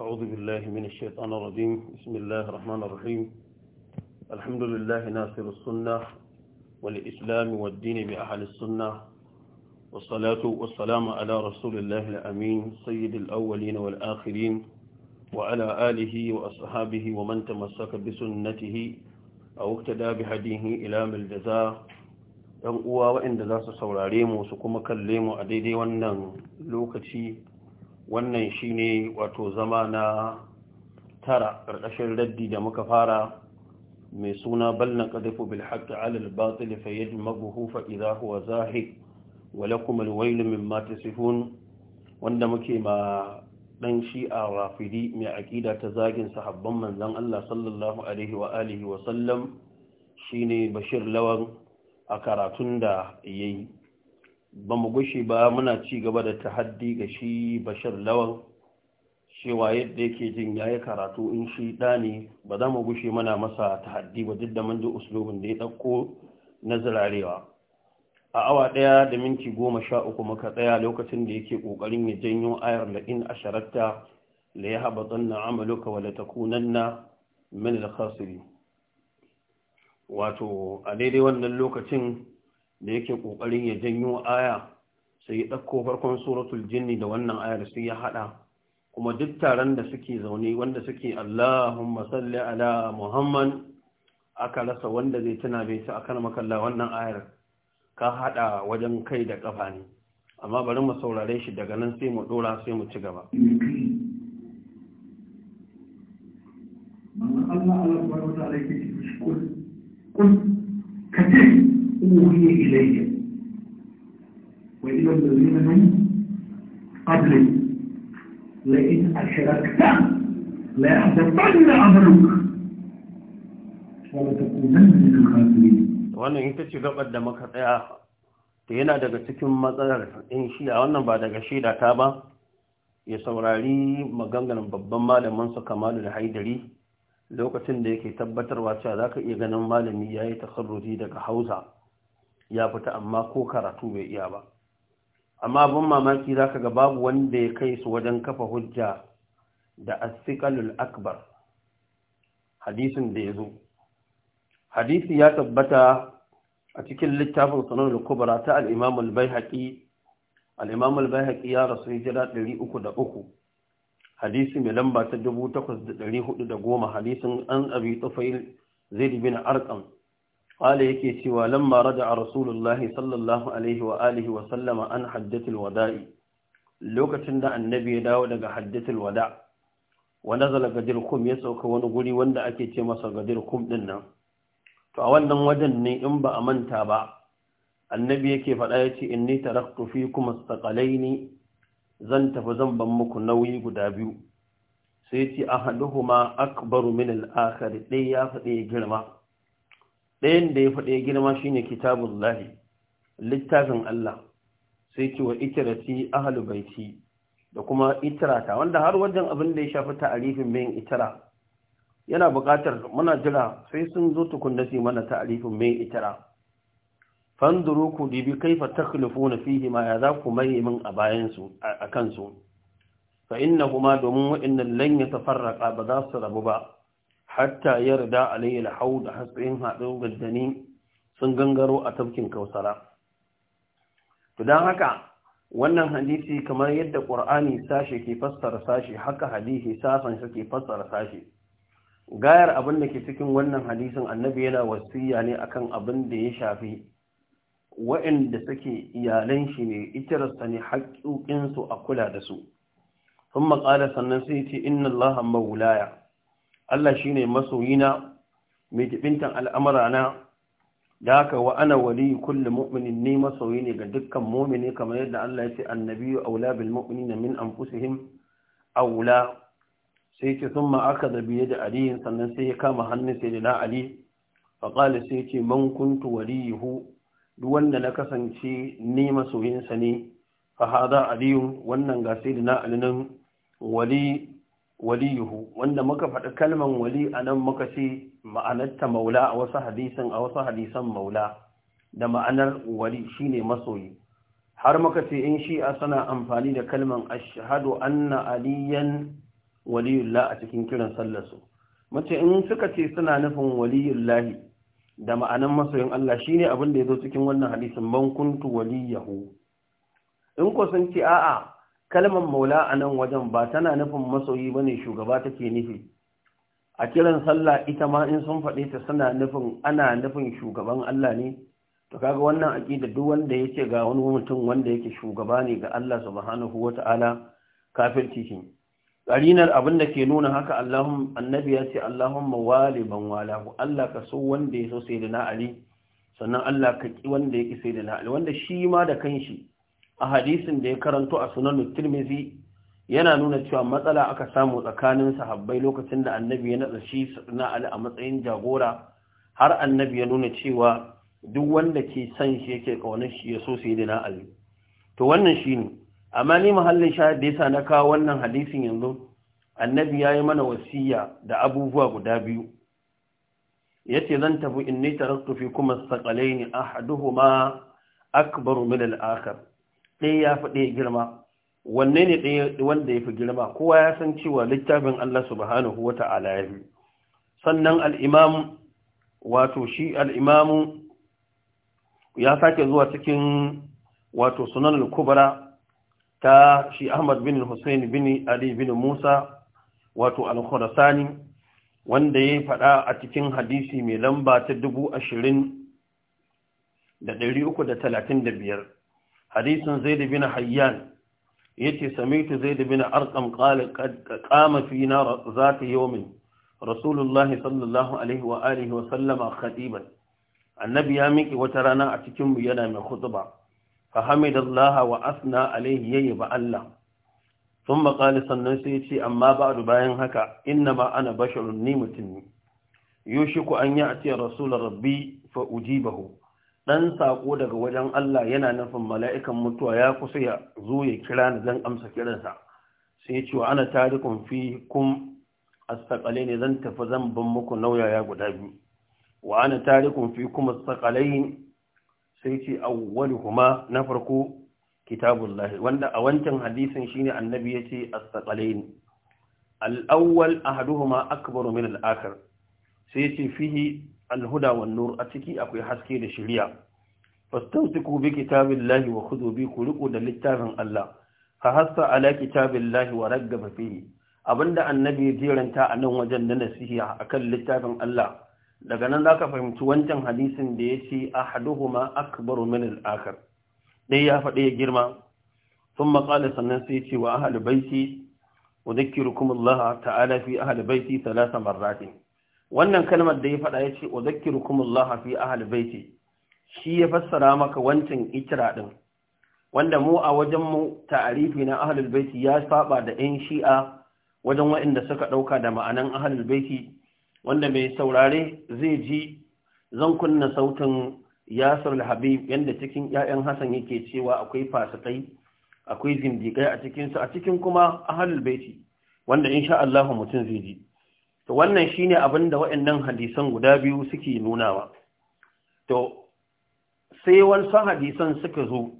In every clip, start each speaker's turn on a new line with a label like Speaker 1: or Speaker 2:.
Speaker 1: أعوذ بالله من الشيطان الرجيم بسم الله الرحمن الرحيم الحمد لله ناصر السنة والإسلام والدين بأهل السنة والصلاة والسلام على رسول الله الأمين سيد الأولين والآخرين وعلى آله وأصحابه ومن تمسك بسنته أو اقتدى بهديه إلى ملجزاء ‘yan uwa waɗanda za su saurare mu su kuma kalle mu a daidai wannan lokaci wannan shine wato zama na tara ƙarƙashin raddi da muka fara mai suna bal ƙadifu bil alal batil fa maguhufa fa idha huwa zahiq wa lakum al wayl mimma wanda muke ma dan shi'a rafidi mai aƙida ta zagin sahabban manzon Allah sallallahu alaihi wa alihi wa sallam shine bashir lawan a karatun da yayi ba mu gushe ba muna ci gaba da tahaddi ga shi bashir lawan cewa yadda yake jin ya yi karatu in shi ɗa ne ba za mu gushe mana masa tahaddi ba duk da mun ji uslubin da ya ɗauko na zirarewa a awa ɗaya da minti goma sha uku muka tsaya lokacin da yake ƙoƙarin ya janyo ayar la'in a sharatta la ya haɓa tsanna amaluka wa na min al wato a daidai wannan lokacin da yake kokarin ya janyo aya sai ya ɗauko farkon suratul jinni da wannan ayar sai ya haɗa kuma duk taron da suke zaune wanda suke Allahumma salli ala Muhammad aka rasa wanda zai tuna bai ta akan makalla wannan ayar ka haɗa wajen kai da ƙafa ne amma bari mu saurare shi daga nan sai mu ɗora sai mu ci gaba
Speaker 2: Allah Allah ba wa ta'ala shi kun أوحي إلي وإلى الذين من قبلي لئن أشركت ليحبطن أمرك
Speaker 1: ولتكونن من الخاسرين wannan ita ce gabar da muka tsaya ta yana daga cikin matsalar in shi a wannan ba daga shaida ta ba ya saurari maganganun babban malamin su kamalu da haidari lokacin da yake tabbatarwa cewa za ka iya ganin malami ya yi tasarrufi daga hausa ya fita amma ko karatu bai iya ba amma ban mamaki za ka ga babu wanda ya kai su wajen kafa hujja da asikalul akbar hadisin da ya zo hadisi ya tabbata a cikin littafin sanar da ta al'imam al-baihaki al'imam al-baihaki ya rasu hijira uku. hadisi mai lamba ta da ɗari goma hadisin an abi zai dubi na arkan قال yake cewa lamma raja'a rasulullah sallallahu alaihi wa an hajjatul wada'i lokacin da annabi ya dawo daga hajjatul wada wa nazala gadir ya sauka wani guri wanda ake ce masa gadir kum din to a wannan wajen ne in ba a manta ba annabi yake faɗa ya ce inni kuma fikum astaqalaini zan tafi zan ban muku nauyi guda biyu sai ce ahaduhuma akbaru min al ɗaya ya faɗi ya girma ɗayan da ya faɗe girma shine kitabun lahi littafin Allah sai ce wa itirati ahalu baiti da kuma itirata wanda har wajen abin da ya shafi ta'arifin mai itira yana buƙatar muna jira sai sun zo tukunna su mana ta'arifin mai itira fanduru ku dibi kaifa takhlufuna fihi ma ya za ku mai min a bayan su a kansu fa innahuma domin wa'annan lan yatafarraqa ba za su rabu ba hatta yarda alayhi da hatsayin haɗin gaddani sun gangaro a tafkin kausara to haka wannan hadisi kamar yadda qur'ani sashe ke fassara sashe, haka hadisi safan ke fassara sashi gayar abin da ke cikin wannan hadisin annabi yana wasiya ne akan abin da ya shafi Waɗanda suke iyalan shi ne itirarsa ne haƙƙoƙinsu a kula da su sun maƙala sannan sai ce inna allaha mawulaya." Allah shi ne masoyina mai al'amura na da haka wa ana wali kulle mu'minin ne masoyi ne ga dukkan mumini kamar yadda Allah ya ce annabi aula bil mu'minin min a aula sai ce sun aka da biye da aliyin sannan sai ya kama hannun sai da na ali faƙali sai ce man kuntu walihu duk wanda na kasance ne masoyinsa ne fa hada aliyun wannan ga sai da na ali nan wali waliyuhu wanda muka faɗi kalman wali a nan muka ce ma'anarta maula a wasu hadisan a wasu hadisan maula da ma'anar wali shi ne masoyi har muka ce in shi a suna amfani da kalman Ashahadu, anna aliyan waliyullah a cikin kiran sallarsu mace in suka ce suna nufin waliyullahi da ma'anar masoyin Allah shi ne abin da ya zo cikin wannan hadisin bankuntu waliyahu in ko sun ce a'a kalmar maula a nan wajen ba tana nufin masoyi ba ne shugaba take nufi a kiran sallah ita ma in sun faɗi ta suna nufin ana nufin shugaban Allah ne to kaga wannan aqida duk wanda yake ga wani mutum wanda yake shugaba ne ga Allah subhanahu wata'ala kafirci shi garinar abin da ke nuna haka Allahum annabi ya ce Allahumma wali ban walahu Allah ka so wanda ya so sayyidina Ali sannan Allah ka ki wanda yake sayyidina Ali wanda shi ma da kanshi a hadisin da ya karanto a sunan tirmizi yana nuna cewa matsala aka samu tsakanin sahabbai lokacin da annabi ya naɗa shi na ali a matsayin jagora har annabi ya nuna cewa duk wanda ke son shi yake ƙaunar shi ya so sai da na ali to wannan shi ne amma ni muhallin shahid da yasa na kawo wannan hadisin yanzu annabi ya yi mana wasiya da abubuwa guda biyu ya ce zan tafi in ni taraktu fi kuma saƙalai ne ahaduhuma akbaru min al-akhar ɗaya ya fi ɗaya girma wanne ne ɗaya wanda ya fi girma kowa ya san cewa littafin Allah subhanahu wa ta'ala ya fi sannan al'imam wato shi al'imamu ya sake zuwa cikin wato sunan al ta shi Ahmad bin Hussein bin Ali bin Musa wato al-Khurasani wanda ya faɗa a cikin hadisi mai lamba ta dubu ashirin da ɗari uku da talatin da biyar hadisin zaid na hayyan yace samitu zaid bin arqam qala qama fina yi yawmin rasulullah sallallahu alaihi wa alihi wa sallama khatiban annabi ya miƙe wata rana a cikin mu yana mai khutba fa hamidallaha wa asna alaihi yayi ba Allah sun maƙali sannan sai ce amma ba da bayan haka innama ana basharun ni mutum ne yushiku an ya'ti rasul rabbi fa ujibahu ɗan sako daga wajen Allah yana nufin mala'ikan mutuwa ya kusa ya zo ya kira ni zan amsa kiransa sai ce wa ana tarikun fi kun astaƙale ne zan tafi zan bin muku nauyaya guda biyu wa ana tarikun fi kuma astaƙale sai ce awwali kuma na farko kitabullahi. wanda a wancan hadisin shine annabi ya ce astaƙale ne al'awwal a akbaru min al'akar sai ce fihi alhuda wan nur a ciki akwai haske da shirya fastamsiku bi kitabillahi wa khudhu bi kuliku da littafin Allah fa hasa ala kitabillahi wa raggaba fihi abinda annabi jiranta a nan wajen da nasiha akan littafin Allah daga nan zaka fahimci wancan hadisin da yace ahaduhuma akbaru min al-akhar dai ya faɗi girma sai قال سننسيتي وأهل بيتي وذكركم الله تعالى في أهل بيتي ثلاث مرات wannan kalmar da ya faɗa ya ce wa zakkirukumullah fi ahal baiti shi ya fassara maka wancan ikira din wanda mu a wajen mu ta'arifi na ahlul baiti ya saba da yan shi'a wajen waɗanda suka ɗauka da ma'anan ahlul baiti wanda mai saurare zai ji zan kunna sautin yasir habib yanda cikin ƴaƴan hasan yake cewa akwai fasikai akwai zindigai a cikin a cikin kuma ahlul baiti wanda insha Allah mutum zai ji to wannan shine abin da waɗannan hadisan guda biyu suke nunawa to sai wasu hadisan suka zo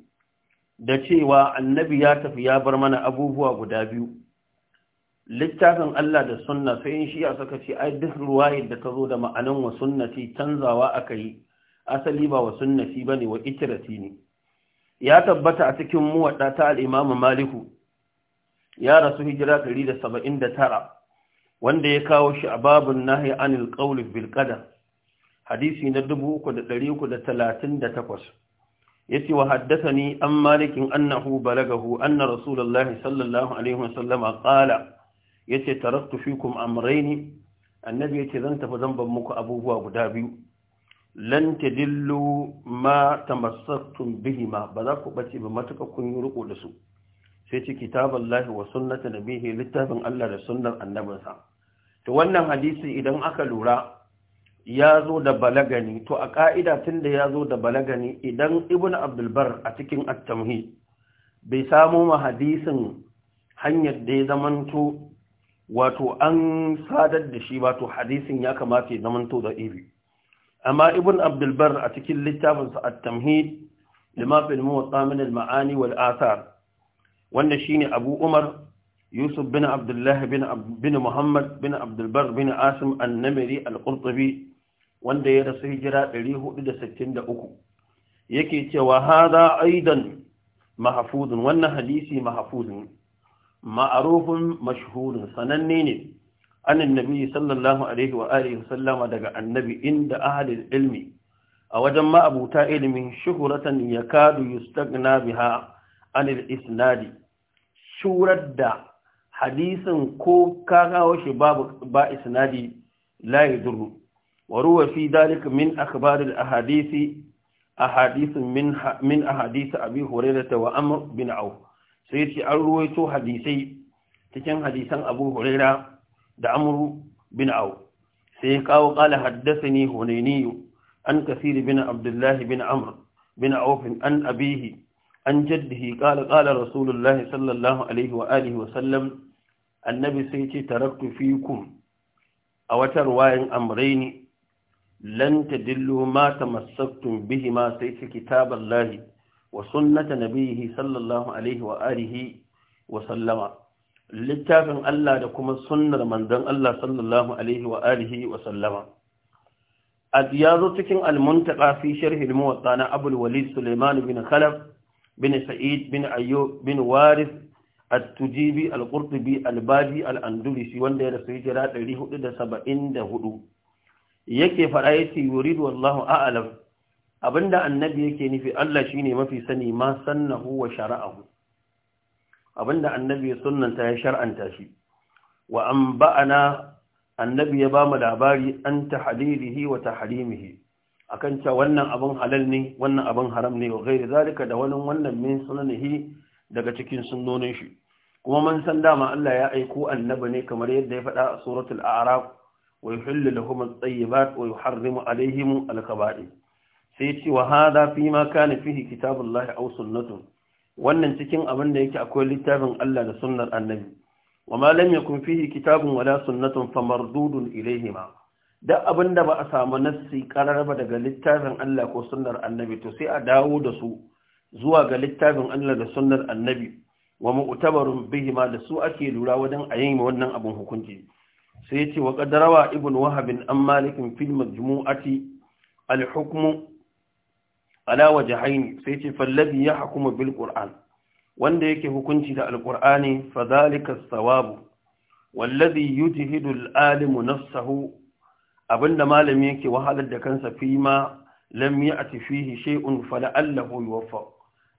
Speaker 1: da cewa annabi ya tafi ya bar mana abubuwa guda biyu littafin Allah da sunna sai in shiya suka ce ai duk ruwaye da ta zo da ma'anan wa sunnati canzawa aka yi asali ba wa sunnati bane wa itirati ne ya tabbata a cikin muwadda ta al-Imam Maliku ya rasu hijira 179 wanda ya kawo shi a babun nahi anil qawli bilkada, hadisi na ya yace wa haddasa ni an malikin annahu balagahu anna rasulullahi sallallahu alaihi wasallama qala yace taraktu fikum amrayn annabi yace zan tafi zambar muku abubuwa guda biyu lan tadillu ma tamassaktum bihima ba za ku ɓace ba matuka kun yi riko da su sai ce kitaballahi wa da nabihi littafin Allah da sunnar annabinsa to wannan hadisi idan aka lura ya zo da balagani to a ƙa'ida tun da ya zo da balagani idan ibn abdulbar a cikin attamhi bai samo ma hadisin hanyar da ya zamanto wato an sadar da shi wato hadisin ya kamata ya zamanto da iri amma ibn abdulbar a cikin littafinsa attamhi lima filmu wa tsaminin ma'ani wal asar wanda shine abu umar Yusuf بن عبد الله بن, بن محمد بن عبد البر بن عاصم wanda ya rasu hijira 463 yake cewa hada aidan mahfuzun wannan hadisi mahfuzun ma'arufin mashhurun sananne ne annan nabi sallallahu alaihi wa alihi daga annabi inda ahlul ilmi a wajen ma'abuta ilimin shuhuratan yakadu yustagna biha anil isnadi shurar da hadisin ko ka kawo shi ba isnadi layi duru wa ruwa fi dalika min akhbar al ahadisi ahadith min min ahadith abi hurairah wa amr bin au sai ce an ruwaito hadisai cikin hadisan abu hurairah da amr bin au sai kawo qala haddathani hunayni an kasiri bin abdullahi bin amr bin auf an abihi an jaddihi kala kala rasulullah sallallahu alaihi wa alihi wa sallam annabi sai ce taraktu fikum a watar wayan amraini lan tadillu ma tamassaktum bihi ma sai ce lahi wa sunnata nabihi sallallahu alaihi wa wa sallama littafin Allah da kuma sunnar manzon Allah sallallahu alaihi wa wa sallama ya zo cikin almuntaka fi sharhi almuwatta na abul walid suleiman bin khalaf bin sa'id bin ayyub bin waris at-tujibi al-qurtubi al-badi al-andalusi wanda ya rasu hijira 474 yake fara yace yuridu wallahu a'lam abinda annabi yake nufi Allah shine mafi sani ma sannahu wa shara'ahu abinda annabi ya sunnanta ya shar'anta shi wa an ba'ana annabi ya bamu labari an tahdirihi wa tahrimihi akan cewa wannan abin halal ne wannan abin haram ne wa gairi zalika da wani wannan min sunanihi daga cikin sunnonin shi kuma mun san dama Allah ya aiko annabi ne kamar yadda ya faɗa a suratul a'raf wa yuhillu lahum at-tayyibat wa yuharrimu alaihim al-kaba'ir sai ya ce wa hada fi ma kana fihi kitabullahi aw sunnatun wannan cikin abin da yake akwai littafin Allah da sunnar annabi wa ma lam yakun fihi kitabun wala sunnatun famardudun ilaihima da abin da ba a samu nassi karar ba daga littafin Allah ko sunnar annabi to sai a dawo da su zuwa ga littafin Allah da sunnar annabi wa mu'tabarun bihima da su ake lura wajen a yin wannan abin hukunci sai yace wa qadarawa ibn wahab an malikin fil majmu'ati al hukmu ala wajhayn sai yace fallabi yahkumu bil qur'an wanda yake hukunci da alqur'ani fa zalika as-sawab wallazi yujhidu al-alimu nafsahu abinda malami yake wahalar da kansa fi ma lam ya'ti fihi shay'un fala'allahu yuwaffa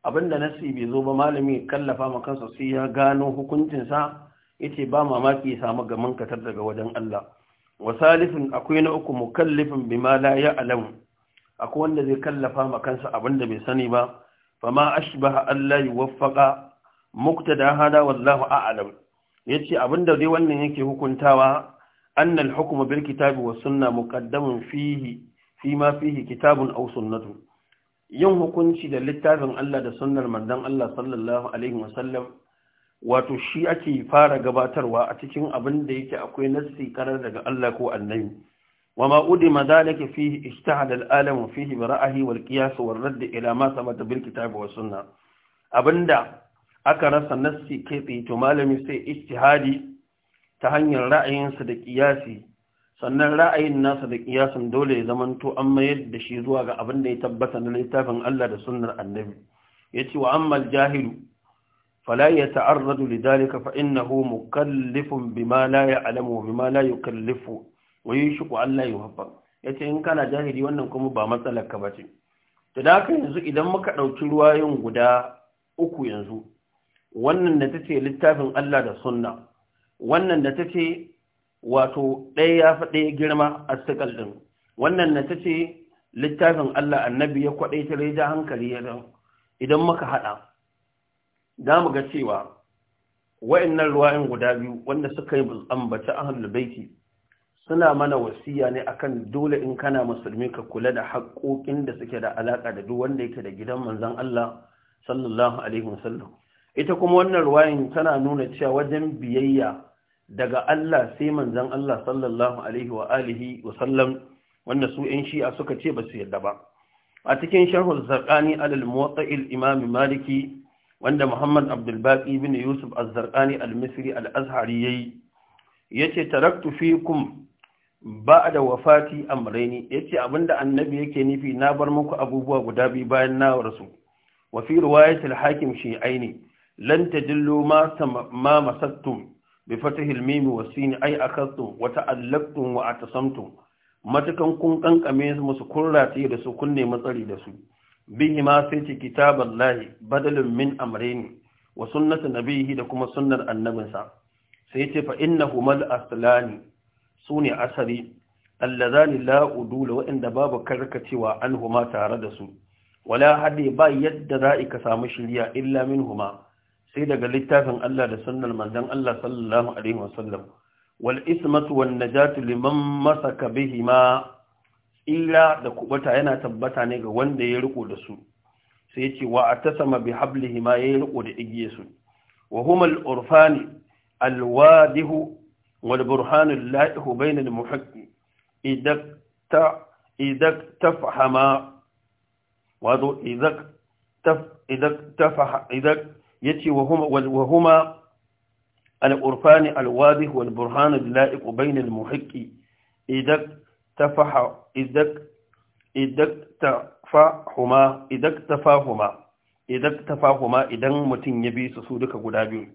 Speaker 1: abinda nasi bai zo ba malami kallafa ma kansa sai ya gano hukuncinsa yace ba mamaki ya samu gaman katar daga wajen Allah wa salifin akwai na uku mukallifin bima ya alamu. akwai wanda zai kallafa ma kansa abinda bai sani ba fama ashbaha Allah yuwaffaqa muktada hada wallahu a'lam yace abinda dai wannan yake hukuntawa annal hukmu bil kitabi was sunna muqaddamun fihi ma fihi kitabun aw sunnatun yin hukunci da littafin Allah da sunnar Mardan Allah sallallahu alaihi wasallam wato shi ake fara gabatarwa a cikin abin da yake akwai nassi karar daga Allah ko annabi wa ma udima zalika fi ijtihad al-alam fihi bi wal qiyas wal radd ila ma sabata bil kitab wa sunna abinda aka rasa nassi kai tsaye to malami sai ijtihadi ta hanyar ra'ayinsa da qiyasi sannan ra'ayin nasa da kiyasin dole ya zamanto an mayar da shi zuwa ga abin da ya tabbata na littafin Allah da sunnar annabi yace wa ammal jahilu fala yata'arradu lidhalika fa innahu mukallifun bima la ya'lamu bima la yukallifu wa yushku Allah yuhabba ce, in kana jahili wannan kuma ba matsalar ka bace to da haka yanzu idan muka dauki ruwayoyin guda uku yanzu wannan da tace littafin Allah da sunna wannan da tace wato ɗaya ya fi girma a sikal ɗin wannan na ta ce littafin Allah annabi ya kwaɗai ta rai hankali ya idan muka haɗa za mu ga cewa wa'annan ruwayin guda biyu wanda suka yi ambaci ahlul baiti suna mana wasiya ne akan dole in kana musulmi ka kula da haƙoƙin da suke da alaƙa da duk wanda yake da gidan manzon Allah sallallahu alaihi wasallam ita kuma wannan ruwayin tana nuna cewa wajen biyayya daga Allah sai manzan Allah sallallahu alaihi wa alihi wa sallam wanda su ‘yan shi'a suka ce ba su yarda ba. A cikin sharhul zarƙani alal muwatsa'il imami maliki wanda Muhammad abdulbaƙi bin Yusuf al-Zarƙani al-Misri al-Azhari ya yi, ya ce, Taraktu fi kum ba da wafati amraini, ya ce abinda annabi yake nufi na bar muku abubuwa guda biyu bayan na rasu, wa fi ruwayatul hakim aini. lan tajillu ma masattum bi fatihil mimi wa sin ai akhadtum wa ta'allaqtum wa atasamtum matakan kun kankame musu kurrati da su kunne matsari da su bihi ma sai ci kitaballahi badalin min amrayni wa sunnatu nabihi da kuma sunnar annabinsa sai ce fa innahu mal aslani sune asari allazani la udula wa'inda babu karkacewa huma tare da su wala hadi ba yadda za'i ka samu shirya illa minhuma sai daga littafin Allah da sunnar manzon Allah sallallahu alaihi wasallam wal ismatu wan najatu liman masaka bihima illa da kubata yana tabbata ne ga wanda ya riko da su sai yace wa atasama bihablihima ya riko da igiyarsu wa huma al urfani al wadihu wal burhan al laihu bain al muhaqqi idak ta idak tafhama idak taf idak tafha idak yace ce wa huma al-urfani al-wadih wal burhan al-la'iq bayn al-muhiqqi idak tafaha idak idan mutum ya bi su su duka guda biyu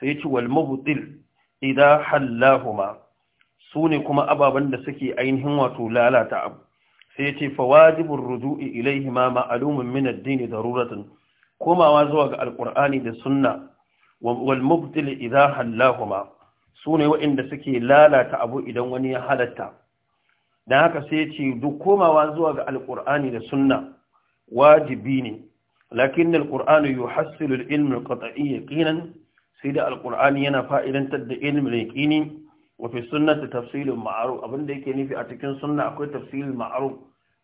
Speaker 1: sai yace wal mubtil idan hallahuma su ne kuma ababen da suke ainihin wato lalata abu sai ce fawajibin rudu'i ilaihi ma ma'alumin minaddini da daruratan komawa zuwa ga alkur'ani da sunna wal mubtil idza hallahuma sune waɗanda suke lalata abu idan wani ya halatta dan haka sai ya ce duk komawa zuwa ga alkur'ani da sunna wajibi ne lakin alkur'ani yuhassilu al-ilm al-qat'i yaqinan sai da alkur'ani yana fa'idantar da ilmin yaqini wa fi sunnati tafsilun ma'ruf abinda yake nufi a cikin sunna akwai tafsirin ma'ruf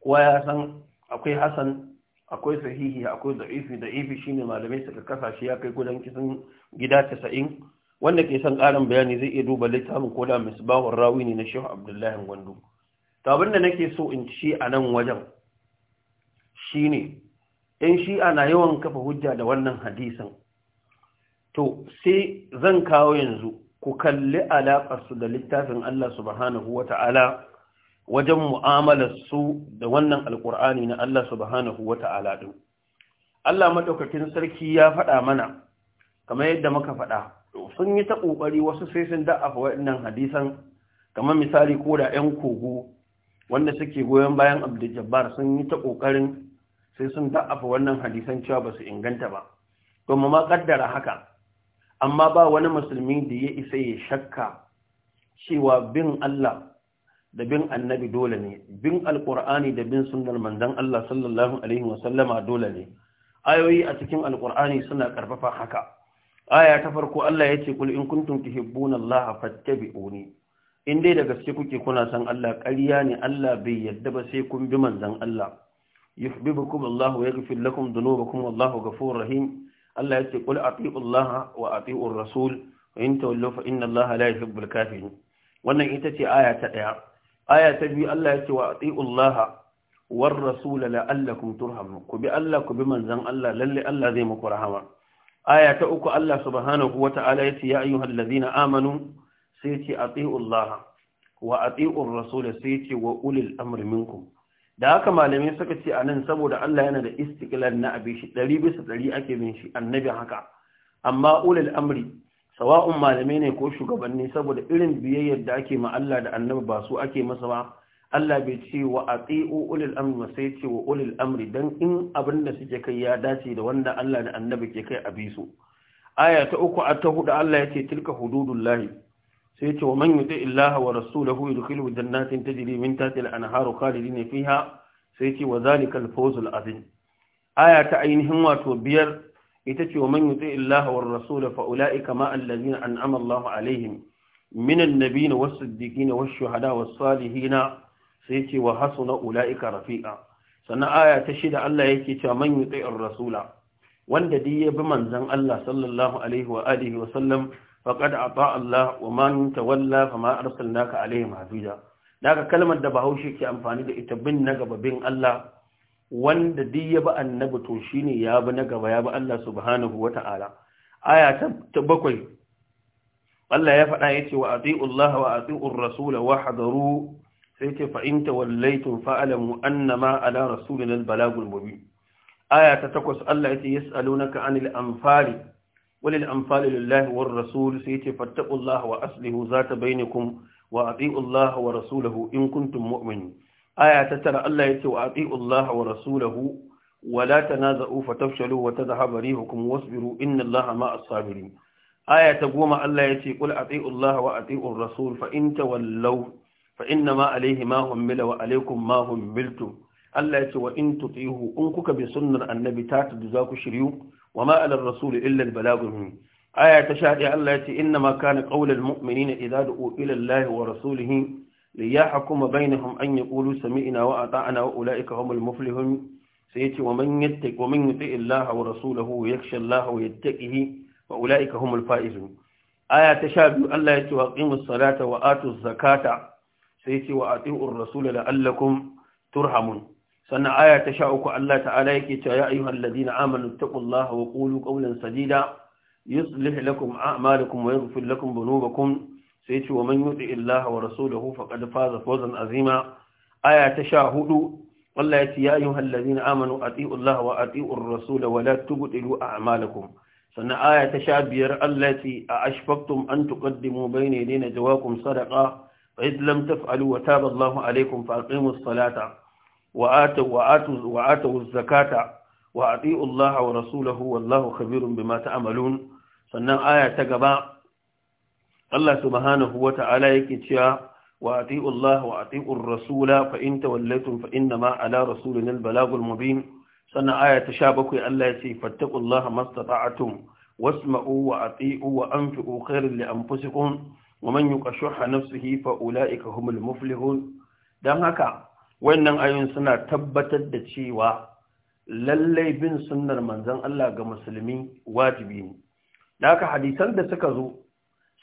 Speaker 1: kowa ya san akwai hasan akwai sahihi akwai da'ifi da'ifi shine malamai suka kasa shi ya kai gudan kisan gida 90 wanda ke son karin bayani zai iya duba littafin koda misbahur rawi ne na Sheikh Abdullahi Gwandu to abinda nake so in ci a nan wajen shine in shi ana yawan kafa hujja da wannan hadisin to sai zan kawo yanzu ku kalli alaƙarsu da littafin Allah subhanahu wata'ala wajen mu'amalar su da wannan alkur'ani na Allah subhanahu wata'ala din Allah madaukakin sarki ya faɗa mana kamar yadda muka faɗa sun yi ta ƙoƙari wasu sai sun da'afa waɗannan hadisan kamar misali ko da 'yan kogo wanda suke goyon bayan Jabbar, sun yi ta ƙoƙarin sai sun da'afa wannan hadisan cewa ba su inganta ba kuma ma ƙaddara haka amma ba wani musulmi da ya isa ya shakka cewa bin Allah da bin annabi dole ne bin Alƙur'ani da bin sunnar manzon Allah sallallahu alaihi dole ne ayoyi a cikin alkur'ani suna karfafa haka aya ta farko Allah yace kul in kuntum tuhibbuna Allah fattabi'uni in dai da gaske kuke kuna san Allah ƙarya ne Allah bai yadda ba sai kun bi manzon Allah yuhibbukum Allah wa yaghfir lakum dhunubakum wallahu ghafurur rahim Allah yace kul ati'u Allah wa ati'u ar-rasul wa in tawallu fa inna Allah la yuhibbul kafirin wannan ita ce aya ta daya aya ta biyu Allah ya ce wa atiullaha war rasul la'allakum turhamun ku bi Allah ku bi manzon Allah lalle Allah zai muku rahama aya ta uku Allah subhanahu wata'ala ya ce ya ayyuhallazina amanu sai ce atiullaha wa atiur rasul sai ce wa ulil amri minkum da haka malamai suka ce a nan saboda Allah yana da istiklal na abin shi ɗari bisa ɗari ake bin shi annabi haka amma ulil amri sawa'un malamai ne ko shugabanni saboda irin biyayyar da ake ma Allah da annabi ba su ake masa ba Allah bai ce wa ati'u ulil amri sai ce wa ulil amri dan in abin da suke kai ya dace da wanda Allah da annabi ke kai a bisu aya ta uku a ta hudu Allah ya ce tilka hududullahi sai ce wa man yuti illaha wa rasulahu yudkhiluhu jannatin tajri min tahtiha al-anharu khalidin fiha sai ce wa zalikal fawzul azim aya ta ainihin wato biyar ita ce wa man tsaye Allah wa rasul fa ulaika ma na an'ama Allah alaihim min annabiyina was siddiqina was shuhada was salihina sai ce wa hasuna ulaika rafi'a. sannan aya ta shida Allah yake cewa man yuti rasula wanda dai ya bi manzan Allah sallallahu alaihi wa alihi wa sallam faqad ata Allah wa man tawalla fama arsalnaka alaihim hafiza daga kalmar da Bahaushe ke amfani da ita bin na gaba bin Allah wanda duk ya bi annabi to shine ya bi na gaba ya bi Allah subhanahu wata'ala aya ta bakwai Allah ya faɗa yace wa ati'u Allah wa ati'u rasul wa hadaru sai ce fa in tawallaytum fa'lamu annama ala rasulina al mubin aya ta takwas Allah yace yas'alunaka anil anfali walil anfali lillahi war rasul sai yace fattaqullaha wa aslihu zata bainakum wa ati'u Allah wa rasulahu in kuntum mu'minin aya ta tara Allah ya ce wa atiu Allah wa rasulahu wa la tanaza'u fatafshalu wa tadhhabu rihukum wasbiru inna Allah ma'as sabirin aya ta goma Allah ya ce qul atiu Allah wa atiu ar-rasul fa in alayhi ma hummila wa Allah ya ce wa in in kuka bi sunnar annabi ta tudu za ku shiryu wa ma ala ar-rasul illa aya ta Allah ya ce inna ma kana qawlul mu'minina idza du'u wa li yahkuma bainahum an yaqulu sami'na wa ata'na wa ulaika humul muflihun sai yace wa man yattaqi wa man yuti Allah wa rasulahu yakhsha Allah wa yattaqihi wa ulaika humul faizun aya ta biyu Allah yace wa aqimus salata wa atuz zakata sai yace wa atiur rasul la'allakum turhamun sannan aya ta uku, Allah ta'ala yake cewa ya ayyuhal ladina amanu taqullaha wa qulu qawlan sadida yuslih lakum a'malakum wa yaghfir lakum dhunubakum sai ce wa man yuti illaha wa rasulahu faqad faza fawzan azima aya ta 14 wallahi ya ce ya ayyuhal ladina amanu atiu allaha wa atiu ar-rasula wa la tubtilu a'malakum sannan aya ta 15 Allah ya ce a ashfaqtum an tuqaddimu bayna yadayna jawakum sadaqa fa id lam taf'alu wa taba Allahu alaykum fa aqimus salata wa atu wa atu wa atu az-zakata wa atiu allaha wa rasulahu wallahu khabirun bima ta'malun sannan aya ta gaba Allah subhanahu wa ta'ala yake cewa wa ati'u Allah wa ati'u rasula fa in tawallaytum fa inna ma mubin sannan aya ta bakwai Allah ya ce fattaqullaha mastata'tum wasma'u wa ati'u wa anfi'u khairan li anfusikum wa man yuqashuha nafsihi fa ulaika humul muflihun dan haka wannan ayoyin suna tabbatar da cewa lallai bin sunnar manzon Allah ga musulmi wajibi ne da haka hadisan da suka zo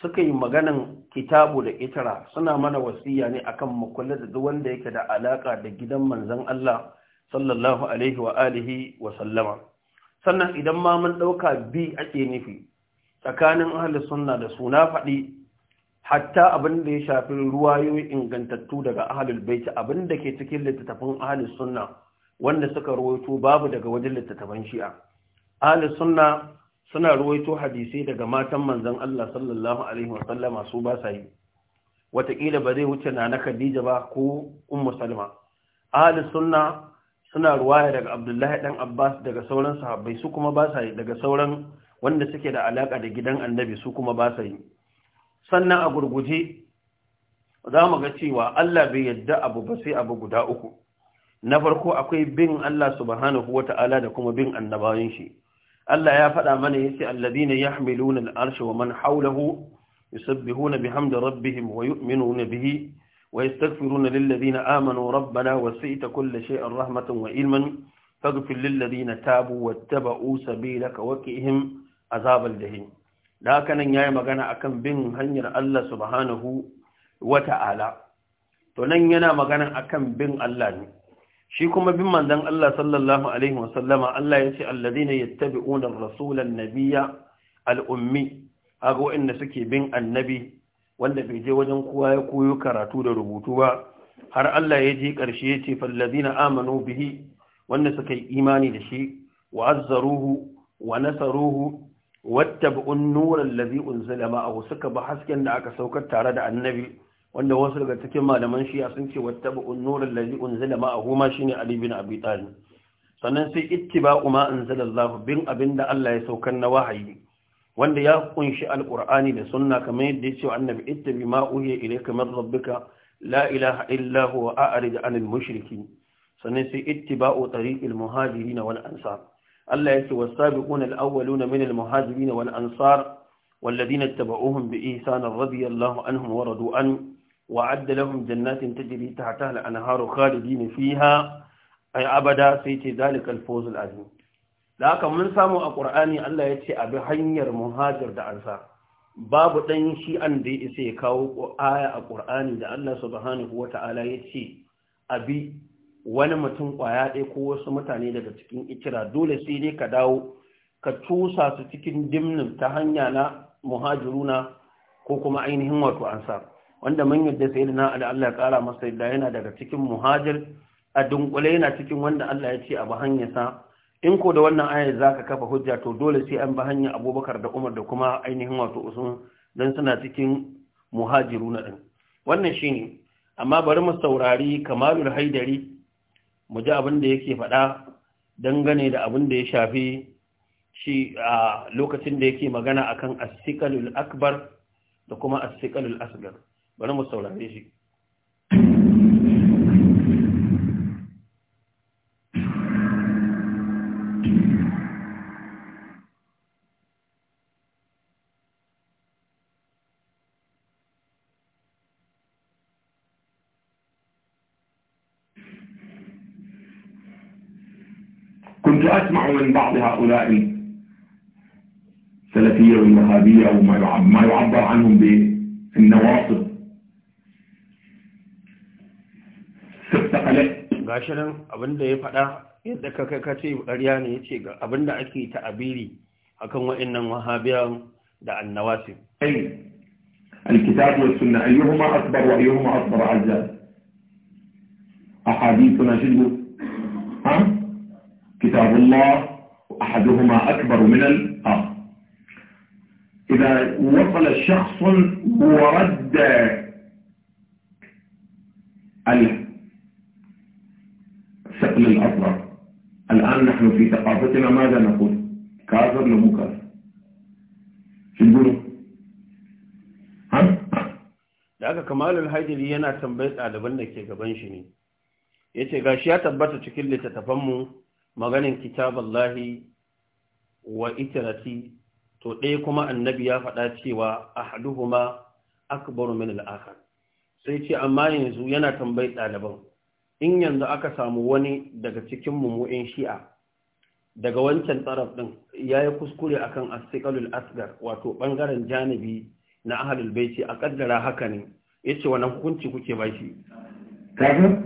Speaker 1: suka yi maganan kitabu da itara suna mana wasiya ne akan mu kula da duk wanda yake da alaka da gidan manzon Allah sallallahu alaihi wa alihi wa sallama sannan idan ma mun dauka bi ake nufi tsakanin ahli sunna da suna faɗi hatta abin da ya shafi ruwayoyi ingantattu daga ahlul baiti abin da ke cikin littattafan ahli sunna wanda suka rawaito babu daga wajen littattafan shi'a ahli sunna suna ruwaito hadisai daga matan manzon Allah sallallahu alaihi wa su ba sa yi wataƙila ba zai wuce na na Khadija ba ko Ummu Salma ahli sunna suna ruwaya daga Abdullahi Ɗan Abbas daga sauran sahabbai su kuma ba sa yi daga sauran wanda suke da alaka da gidan Annabi su kuma ba sa yi sannan a gurguje za mu ga cewa Allah bai yadda abu ba sai abu guda uku na farko akwai bin Allah subhanahu wata'ala da kuma bin annabawan shi Allah ya faɗa mana yace alladhina yahmiluna al-arsha wa man hawlahu yusabbihuna bihamdi rabbihim wa yu'minuna bihi wa yastaghfiruna lilladhina amanu rabbana wasi'ta kulli shay'in rahmatan wa ilman faghfir lilladhina tabu wattaba'u sabilaka waqihim azabal jahim da haka nan yayi magana akan bin hanyar Allah subhanahu wa ta'ala to nan yana magana akan bin Allah ne shi kuma bin manzon Allah sallallahu alaihi wasallama Allah yace alladhina yattabi'una ar-rasula an-nabiyya al-ummi aga wa'anda suke bin annabi wanda bai je wajen kowa ya koyo karatu da rubutu ba har Allah ya je ƙarshe ya ce fallazina amanu bihi wanda suka yi imani da shi wa azzaruhu wa nasaruhu wattab'un nuran allazi unzila ma'ahu suka bi hasken da aka saukar tare da annabi wanda wasu daga cikin malaman shi'a sun ce wattabu'un nurul ladzi unzila ma'ahu ma shine ali bin abi talib sannan sai ittiba'u ma anzala Allah bin abinda Allah ya sauka na wahayi wanda ya kunshi Alƙur'ani da sunna kamar yadda ya "Wa annabi ittabi ma uhiya kamar min rabbika la ilaha illa huwa da 'anil mushiriki. sannan sai ittiba'u tariqil na wani ansar Allah "Wa wasabiquna al-awwaluna min al-muhajirin wal ansar والذين اتبعوهم بإحسان رضي الله عنهم ورضوا عنه wa'adda lahum jannatin tajri tahtaha al-anharu khalidin fiha ay abada sai ce zalikal fawzul azim da haka mun samu a qur'ani Allah ya ce abi hanyar muhajir da ansar babu dan shi'an da ya isa ya kawo aya a qur'ani da Allah subhanahu wata'ala ya ce bi wani mutum kwaya ɗaya ko wasu mutane daga cikin ikira dole sai dai ka dawo ka cusa su cikin dimnin ta hanya na muhajiruna ko kuma ainihin wato ansar wanda mun yadda sai na ali Allah ya kara masa yadda yana daga cikin muhajir a dunkule yana cikin wanda Allah ya ce a bahanyarsa in ko da wannan ayar ka kafa hujja to dole sai an bi hanya Abubakar da Umar da kuma ainihin wato usun don suna cikin muhajiru na din wannan shi ne, amma bari mu saurari Kamalul Haidari mu ji abin da yake faɗa dangane da abin da ya shafi shi a lokacin da yake magana akan asikalul akbar da kuma asikalul asgar bari mu saurare
Speaker 2: كنت أسمع من بعض هؤلاء السلفية والوهابية وما يعبر عنهم بالنواصب
Speaker 1: gashi nan abinda ya faɗa yadda ka kai kace ƙarya ne yace ga abinda ake ta abiri akan wa'annan wahabiyan da annawasi ai
Speaker 2: الكتاب والسنة أيهما أكبر وأيهما أكبر عزاز أحاديثنا شده ها كتاب الله أحدهما أكبر من الآخر إذا وصل شخص ورد القتل الأكبر الآن نحن في ثقافتنا ماذا نقول كافر لو مو كافر شو تقولوا
Speaker 1: ها da aka kamalul haidari yana tambayar ɗaliban da ke gaban shi ne ya ce gashi ya tabbata cikin littattafanmu maganin kitaballahi wa itirati to ɗaya kuma annabi ya faɗa cewa ahaduhuma akbaru min al-akhar sai ce amma yanzu yana tambayar ɗaliban in yanzu aka samu wani daga cikin mummu'in shi'a daga wancan tsaraf ɗin ya yi kuskure akan asikalul asgar wato ɓangaren janibi na ahalul baiti a ƙaddara haka ne ya ce Wani hukunci kuke ba shi kafin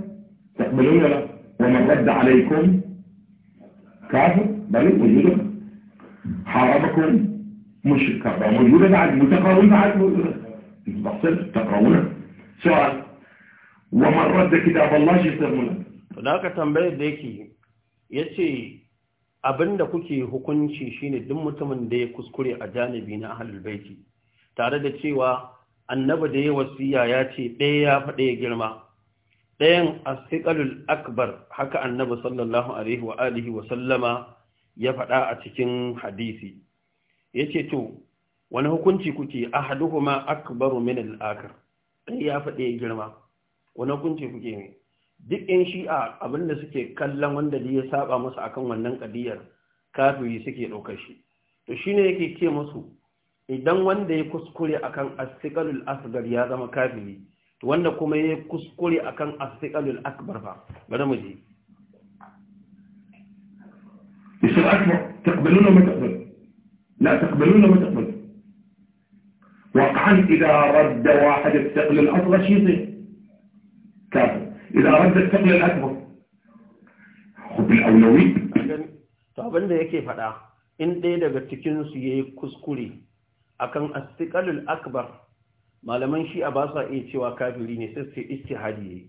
Speaker 1: takbiluna
Speaker 2: wa mawadda alaikum kafin bari ku yi haramakon mushikar ba mu yi da ta'ad da ta'ad ba sai takawuna cewa wa marar da kitab Allah shi sarmuna
Speaker 1: da aka tambayar da yake yace abinda kuke hukunci shine duk mutumin da ya kuskure a janibi na ahlul baiti tare da cewa annaba da ya wasiya ya ce ɗaya ya faɗa ya girma ɗayan asiqalul akbar haka annabi sallallahu alaihi wa alihi wa ya faɗa a cikin hadisi yace to wani hukunci kuke ahaduhuma akbaru min al-akhar ɗaya ya faɗa ya girma wani kunce kuke ne duk yan shi'a abinda suke kallon wanda da ya saba musu akan wannan kadiyar kafiri suke ɗaukar shi to shine yake ke musu idan wanda ya kuskure akan asiqalul asgar ya zama kafiri to wanda kuma ya kuskure akan asiqalul akbar fa bari mu ji
Speaker 2: bisul akbar taqbaluna ma taqbal la taqbaluna ma taqbal waqan idha radda wahid asiqalul كافر إذا أردت الثقل الأكبر
Speaker 1: خذ الأولوية طبعا yake fada in إن daga cikin su yayi kuskure akan astiqalul akbar malaman shi a ba sa iya cewa kafiri ne sai su istihadi ne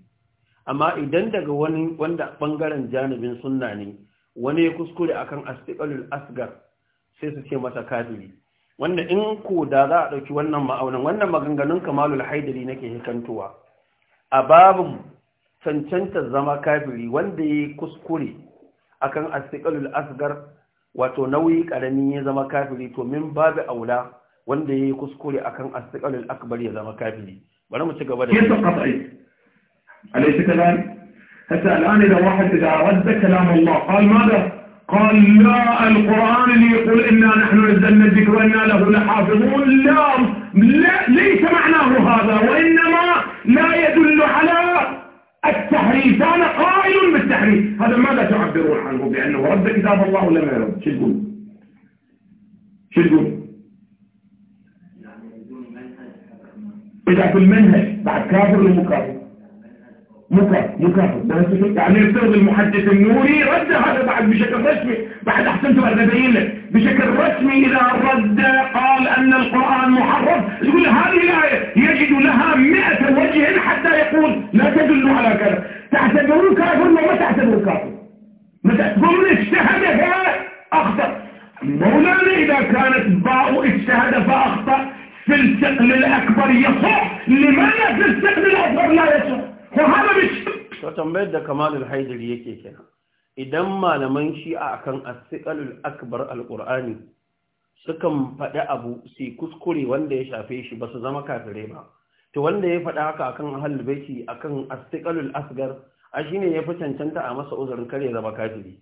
Speaker 1: amma idan daga wani wanda bangaren janibin sunna ne wani ya kuskure akan astiqalul asgar sai su ce masa kafiri wanda in ko da za a ɗauki wannan ma'aunin wannan maganganun kamalul haidari nake hikantowa a babin cancantar zama kafiri wanda ya kuskure akan astiqalul asgar wato nauyi karamin ya zama kafiri to min babu aula wanda ya kuskure akan astiqalul akbar ya zama kafiri bari mu ci gaba da yadda kafai alaysa kalam hatta al'an idan wahid idha
Speaker 2: radda kalam Allah qal madha قال لا القرآن اللي يقول إنا نحن نزلنا الذكر وإنا له لحافظون لا ليس معناه هذا وإنما ما يدل على التحريف كان قائل بالتحريف هذا ماذا تعبرون عنه بأنه رد كتاب الله ولا ما يرد شو تقول شو تقول إذا في المنهج بعد كافر لمكافر مكافر مكافر يعني يفترض المحدث النوري رد هذا بعد بشكل رسمي بعد احسنت تبقى ببين لك بشكل رسمي إذا رد قال أن القرآن محرف يقول هذه الآية يجد لها مئة وجه حتى يقول لا تدل على كذا تعتبرون كافر وما تعتبرون كافر ما تقول اجتهد فأخطأ مولانا إذا كانت باء اجتهد فأخطأ في الثقل الأكبر يصح لماذا في الثقل الأكبر لا يصح وهذا
Speaker 1: مش تم ده كمال الحيدري yake kenan idan malaman shi'a akan as-siqalul akbar al-qur'ani sukan faɗi abu sai kuskure wanda ya shafe shi ba su zama kafire ba to wanda ya faɗi haka akan ahlul baiti akan as-siqalul asgar a shine ya fi cancanta a masa uzurin kare zama kafiri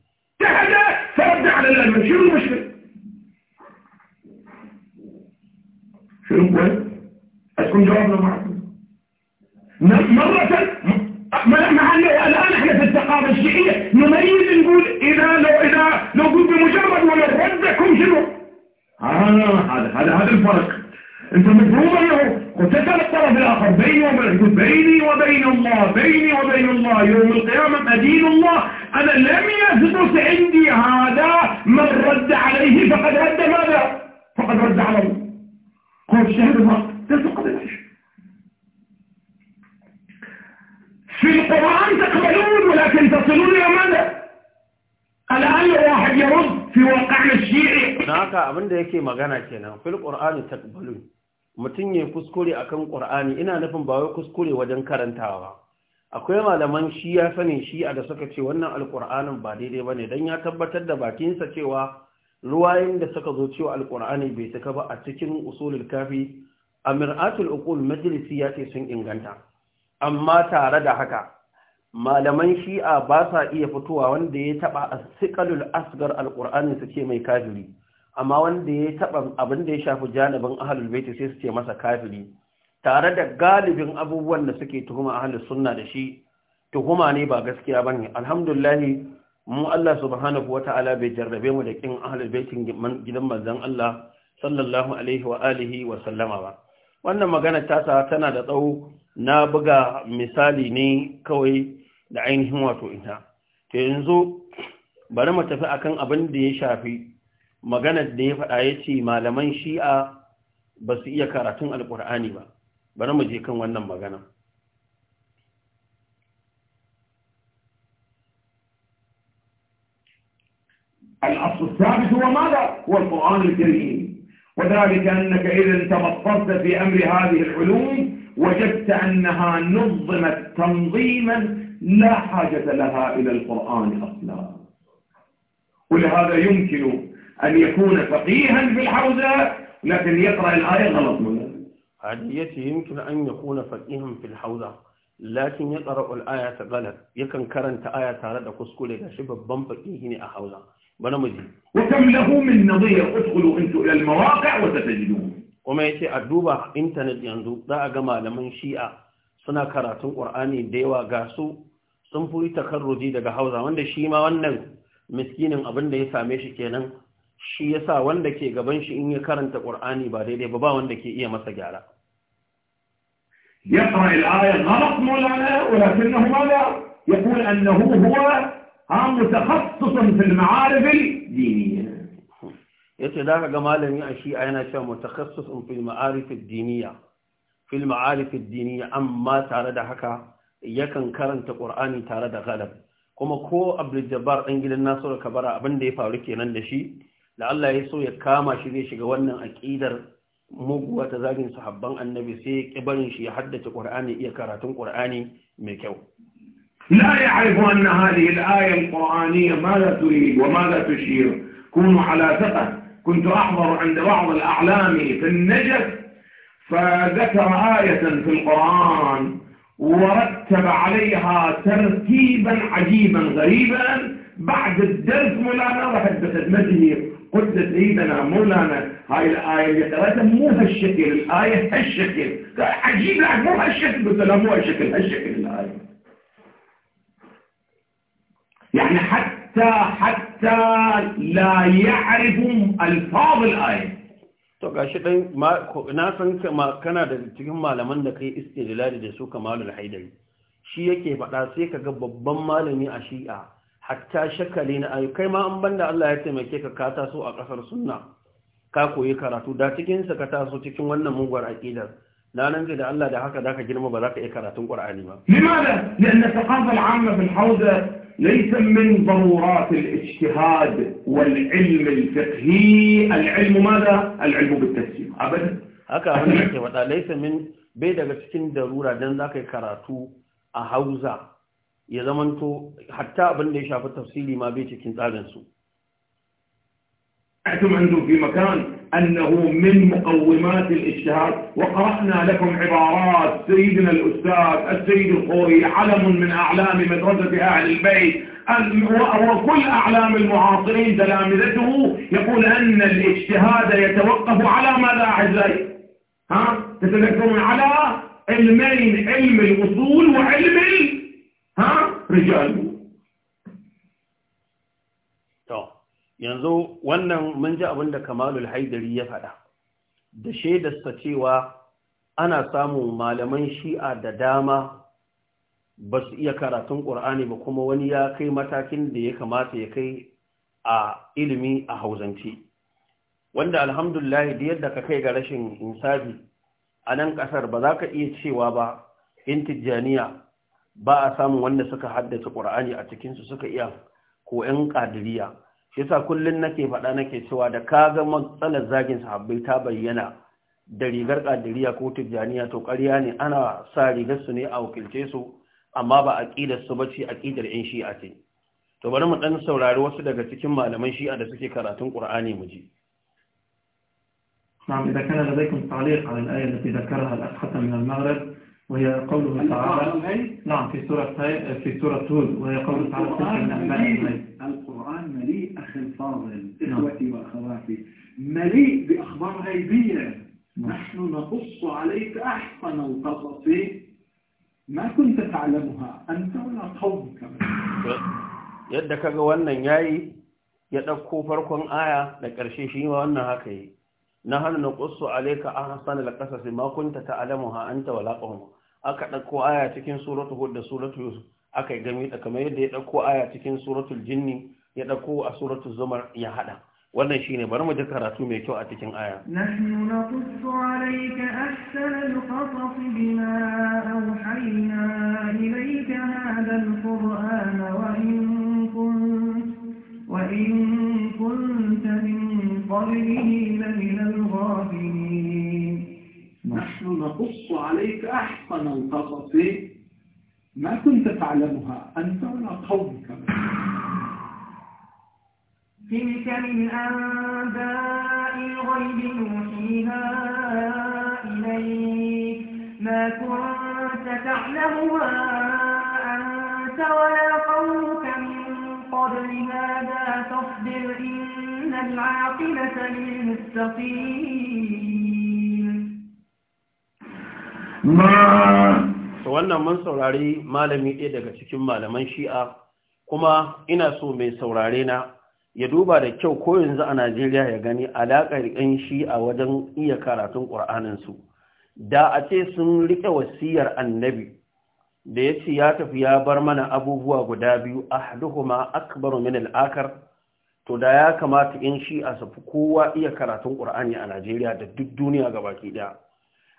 Speaker 2: أكون جوابنا معكم مرة ما احنا الآن احنا في الثقافة الشيعية على هذا الفرق انت مفهوم انه وتسأل الطرف الاخر بيني وبين بيني وبين الله بيني وبين الله يوم القيامة مدين الله انا لم يثبت عندي هذا من رد عليه فقد رد ماذا فقد رد على الله قول الشهد الحق تسقط العيش
Speaker 1: في القرآن تقبلون ولكن تصلون إلى ماذا
Speaker 2: al'ayyar ya hajjarun fi waƙar shi'i
Speaker 1: na haka abinda yake magana kenan fil ta takbalun mutum ya kuskure akan ƙur'ani ina nufin ba wai kuskure wajen karantawa akwai malaman shi ya sani shi a da suka ce wannan alƙur'anin ba daidai ba ne don ya tabbatar da bakinsa cewa ruwayen da suka zo cewa alƙur'ani bai cika ba a cikin usulul kafi a mir'atul uqul Majlisi ya ce sun inganta amma tare da haka malaman shi'a ba sa iya fitowa wanda ya taba a sikalul asgar alkur'ani su ce mai kafiri amma wanda ya taba abin da ya shafi janibin ahalul baiti sai su ce masa kafiri tare da galibin abubuwan da suke tuhuma ahalul sunna da shi tuhuma ne ba gaskiya ba ne alhamdulahi mu Allah subhanahu wata'ala bai jarrabe mu da kin ahalul baitin gidan manzon Allah sallallahu alaihi wa alihi wa sallama ba wannan magana ta tana da tsawo na buga misali ne kawai da ainihin wato ita ta yanzu bari mu tafi akan abin da ya shafi maganar da ya faɗa ya ce malaman shi'a ba su iya karatun alƙur'ani ba bari mu je kan wannan magana
Speaker 2: الأصل الثابت هو ماذا؟ هو القرآن الكريم وذلك أنك إذا تمطرت في أمر هذه العلوم وجدت أنها نظمت تنظيما لا حاجة لها إلى القرآن أصلا ولهذا يمكن أن يكون فقيها في الحوزة لكن يقرأ الآية غلط منه
Speaker 1: عاديته يمكن أن يكون فقيها في الحوزة لكن يقرأ الآية غلط يكن كرنت آية تارد كسكولي كشبه بمفقيهني أحوزة بنمجي
Speaker 2: وكم له من نظير ادخلوا أنتم إلى المواقع وتتجدون
Speaker 1: kuma ya ce a duba intanet yanzu za a ga malaman shi'a suna karatun ƙwar'ani da yawa ga su sun fi takarruji daga hausa wanda shi ma wannan miskinin abin da ya same shi kenan shi yasa wanda ke gaban shi in ya karanta qur'ani ba daidai ba ba wanda ke iya masa gyara
Speaker 2: يقرأ الآية غلط مولانا ولكنه ماذا يقول أنه هو متخصص في المعارف
Speaker 1: الدينية yace da ga malami a shi yana cewa mutakhassisun fil ma'arif ad-diniya fil ma'arif ad-diniya amma tare da haka yakan karanta Qur'ani tare da galab kuma ko abdul-jabbar ɗan gidan nasiru kabara abin da ya faru kenan da shi da Allah ya so ya kama shi zai shiga wannan aqidar muguwa ta zagin sahabban annabi sai ya barin shi ya haddace Qur'ani iya karatun Qur'ani mai kyau
Speaker 2: لا يعرف أن هذه الآية القرآنية ماذا تريد وماذا تشير كونوا على ثقة كنت أحضر عند بعض الأعلام في النجف فذكر آية في القرآن ورد رتب عليها ترتيبا عجيبا غريبا بعد الدرس مولانا رحت بخدمته قلت سيدنا مولانا هاي الآية اللي قرأتها مو هالشكل الآية هالشكل عجيب لا مو هالشكل قلت له مو هالشكل هالشكل الآية يعني حتى حتى لا يعرف ألفاظ الآية
Speaker 1: to gashi dai na san kana da cikin malaman da kai istidlali da su kamalul haidari shi yake faɗa sai kaga babban malami a shi'a hatta shakali na ayu kai ma an banda Allah ya taimake ka ka taso a ƙasar sunna ka koyi karatu da cikin sa ka taso cikin wannan mugwar aqidar na nan da Allah da haka zaka girma ba zaka yi karatun Qur'ani ba
Speaker 2: limada lanna thaqafa al'amma fil hawza laysa min darurat al-ijtihad wal ilm al-fiqhi al-ilm mada al-ilm bil tafsir abadan
Speaker 1: haka wannan ke wada laysa min bai daga cikin darura dan zaka yi karatu a hausa ya zamanto hatta abin da ya shafi tafsiri ma bai cikin tsarinsu
Speaker 2: أعتم في مكان أنه من مقومات الاجتهاد وقرأنا لكم عبارات سيدنا الأستاذ السيد الخوي علم من أعلام مدرسة أهل البيت وكل أعلام المعاصرين تلامذته يقول أن الاجتهاد يتوقف على ماذا أعزائي ها تتذكرون على علمين علم الأصول وعلم ها رجال
Speaker 1: yanzu wannan mun ji abin da kamalul haidari ya faɗa da shaidarsa cewa ana samun malaman shi'a da dama ba su iya karatun ƙur'ani ba kuma wani ya kai matakin da ya kamata ya kai a ilimi a hauzance wanda alhamdulahi da yadda ka kai ga rashin insafi a nan ƙasar ba za ka iya cewa ba in tijjaniya ba a samun wanda suka haddasa ƙur'ani a cikinsu suka iya ko 'yan ƙadiriya shi yasa kullum nake faɗa nake cewa da ka ga matsalar zagin sahabbai ta bayyana da rigar ƙadiriya ko tijjaniya to ƙarya ne ana sa rigar su ne a wakilce su amma ba a ƙidar su ba ce a aƙidar 'yan shi'a ce to bari mu ɗan saurari wasu daga cikin malaman shi'a da suke karatun ƙur'ani mu ji نعم إذا كان لديكم تعليق على الآية التي ذكرها الأخ حسن من المغرب وهي قوله تعالى نعم في سورة في سورة هود وهي قوله تعالى
Speaker 2: القرآن مليء أخي الفاضل نعم. إخوتي وأخواتي مليء بأخبار غيبية نعم. نحن نقص عليك أحسن القصص ما كنت تعلمها أنت ولا قومك
Speaker 1: يدك kaga ياي يدك ya آية farkon aya da karshe Na nahnu naqussu alayka ahsan al-qasas ma kunta ta'lamuha anta wala qawm aka ɗauko aya cikin suratu hud da suratu yusuf aka yi gami kamar yadda ya ɗauko aya cikin suratul jinni ya ɗauko a suratul zumar ya haɗa, wannan shine bari mu ji karatu mai kyau a cikin aya
Speaker 3: nahnu naqussu alayka ahsan al-qasas bima awhayna ilayka hadha al-qur'ana wa in kun. وإن كنت من قبله لمن
Speaker 2: الغافلين نحن نقص عليك أحسن القصص ما كنت تعلمها أنت ولا قومك
Speaker 3: تلك من أنباء الغيب نوحيها إليك ما كنت تعلمها أنت ولا ولهذا فاصبر إن العاقبة للمتقين
Speaker 1: wannan mun saurari malami ɗaya daga cikin malaman shi'a kuma ina so mai saurare na ya duba da kyau ko yanzu a Najeriya ya gani alaƙar ƴan shi'a wajen iya karatun ƙur'aninsu da a ce sun riƙe wasiyar annabi da ya ce ya tafi ya bar mana abubuwa guda biyu ahduhuma akbaru min al-akar to da ya kamata in shi a safi kowa iya karatun Ƙur'ani a Najeriya da duk duniya ga baki ɗaya.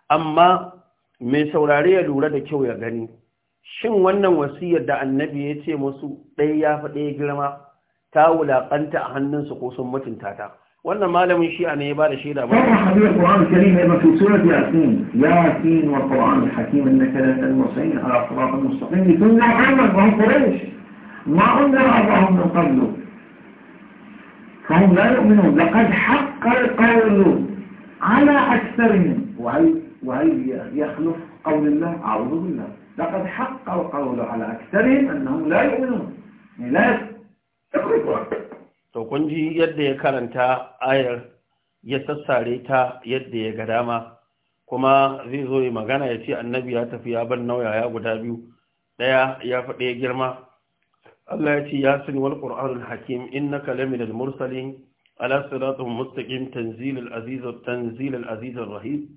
Speaker 1: amma mai saurare ya lura da kyau ya gani shin wannan wasiyar da annabi ya ce musu ɗaya ya fi ɗaya girma ta wulaƙanta a hannunsu ko sun mutunta ta wannan malamin shi ne ya bada shaida ba hadith al-Qur'an al-Karim ya mafi surat Yasin Yasin wa Qur'an al-Hakim innaka la
Speaker 2: al-musayn ala sirat al-mustaqim kunna amal wa quraish ma unzira Allahum min qablu فهم لا يؤمنون لقد حق القول على أكثرهم وهل, وهل يخلف قول الله أعوذ بالله لقد حق القول على أكثرهم أنهم لا يؤمنون لا يؤمنون
Speaker 1: to kun ji yadda ya karanta ayar ya sassare ta yadda ya ga dama kuma zai zo ya magana ya ce annabi ya tafi ya ban nauyaya guda biyu ɗaya ya fi girma Allah ya ce ya sani wal ƙur'anul hakim innaka laminal mursalin ala siratul mustaqim tanzilul aziz tanzilul aziz rahim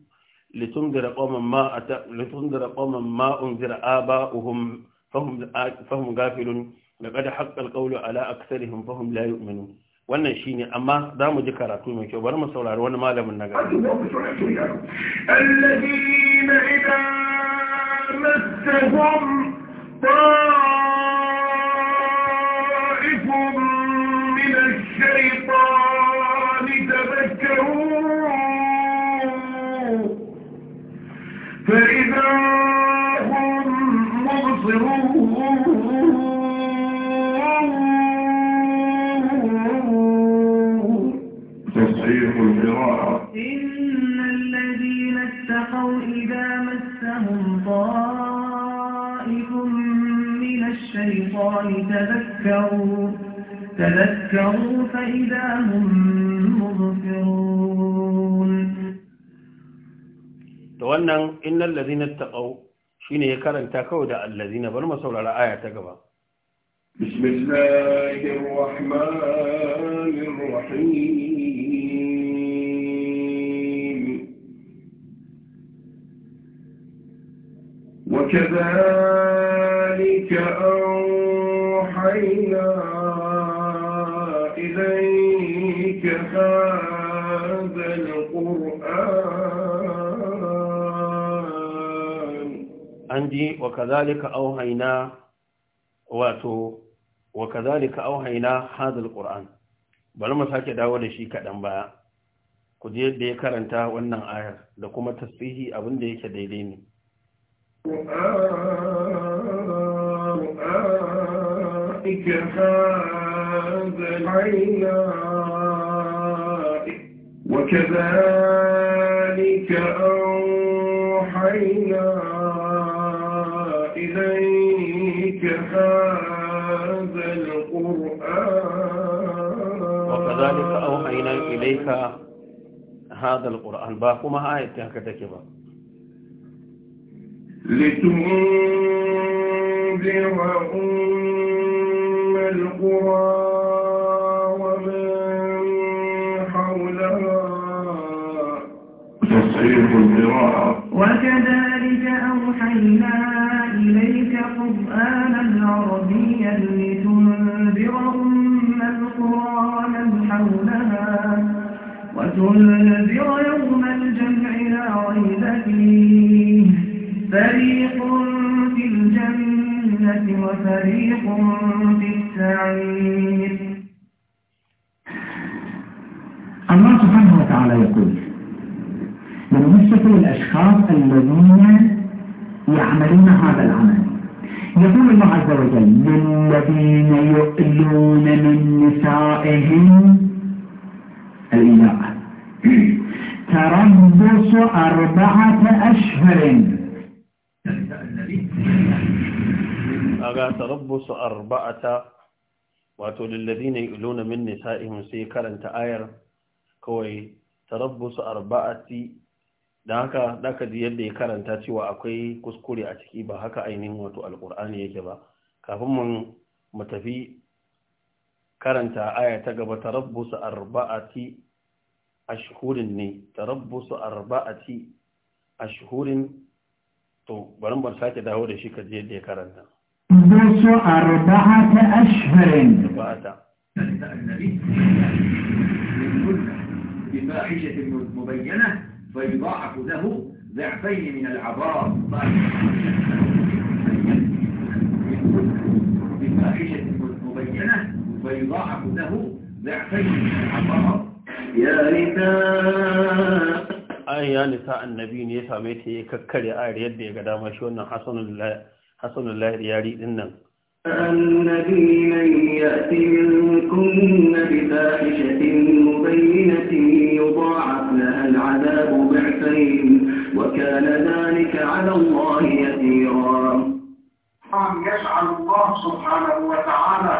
Speaker 1: litundira qauman ma litundira qauman ma unzira aba'uhum fahum fahum gafilun لقد حق القول على أكثرهم فهم لا يؤمنون wannan shi ne amma za mu ji karatu mai kyau bari mu saurari wani malamin na gari
Speaker 4: alladina idan massahum ta'ifun min ash-shaytan tadhakkaru
Speaker 3: الشيطان تذكروا
Speaker 4: تذكروا
Speaker 3: فإذا هم مغفرون
Speaker 1: توانا إن الذين اتقوا شين يكال انتاكوا دا الذين بل ما على آية تقبا
Speaker 2: بسم الله
Speaker 4: الرحمن الرحيم وكذلك أوحينا إليك هذا القرآن
Speaker 1: عندي وكذلك أوحينا واتو وكذلك أوحينا هذا القرآن bari mu sake dawo da shi kaɗan baya ku je ya karanta wannan ayar da kuma tasbihi abin da yake daidai ne
Speaker 4: قرآنك هذا وكذلك أوحينا إليك هذا القرآن وكذلك أوحينا إليك
Speaker 1: هذا القرآن باكما آية كذلك كبار
Speaker 4: لتنذر أم القرى ومن حولها تصحيح القراءة
Speaker 3: وكذلك أوحينا إليك قرآنا عربيا لتنذر أم القرى ومن حولها وتنذر يوم الجمع لا ريب فيه فريق في الجنة وفريق في السعير
Speaker 2: الله سبحانه وتعالى يقول ونوصف الأشخاص الذين يعملون هذا العمل يقول الله عز وجل للذين يؤلون من نسائهم الإله تربص أربعة أشهر
Speaker 1: ga tarabbusu arba'ata wato lillazina yuluna min nisa'ihim sai karanta ayar kawai tarabbusu arba'ati dan haka daka ji yadda ya karanta cewa akwai kuskure a ciki ba haka ainihin wato alqur'ani yake ba kafin mun mu tafi karanta aya ta gaba tarabbusu arba'ati ashhurin ne tarabbusu arba'ati ashhurin to bari mu sake dawo da shi kaje yadda ya karanta
Speaker 2: الناس
Speaker 4: أربعة أشهر
Speaker 2: بفاحشة مبينة فيضاعف له ضعفين من العذاب بفاحشة مبينة فيضاعف له ضعفين من العذاب يا نساء
Speaker 1: أي يا نساء النبي يسامي تي ككري آير يدي قدام شونا حسن الله حسن الله رياضي إنن
Speaker 3: النبي من يأتي منكن بفاحشة مبينة يضاعف لها العذاب ضعفين وكان ذلك على الله يسيرا
Speaker 2: يجعل الله سبحانه وتعالى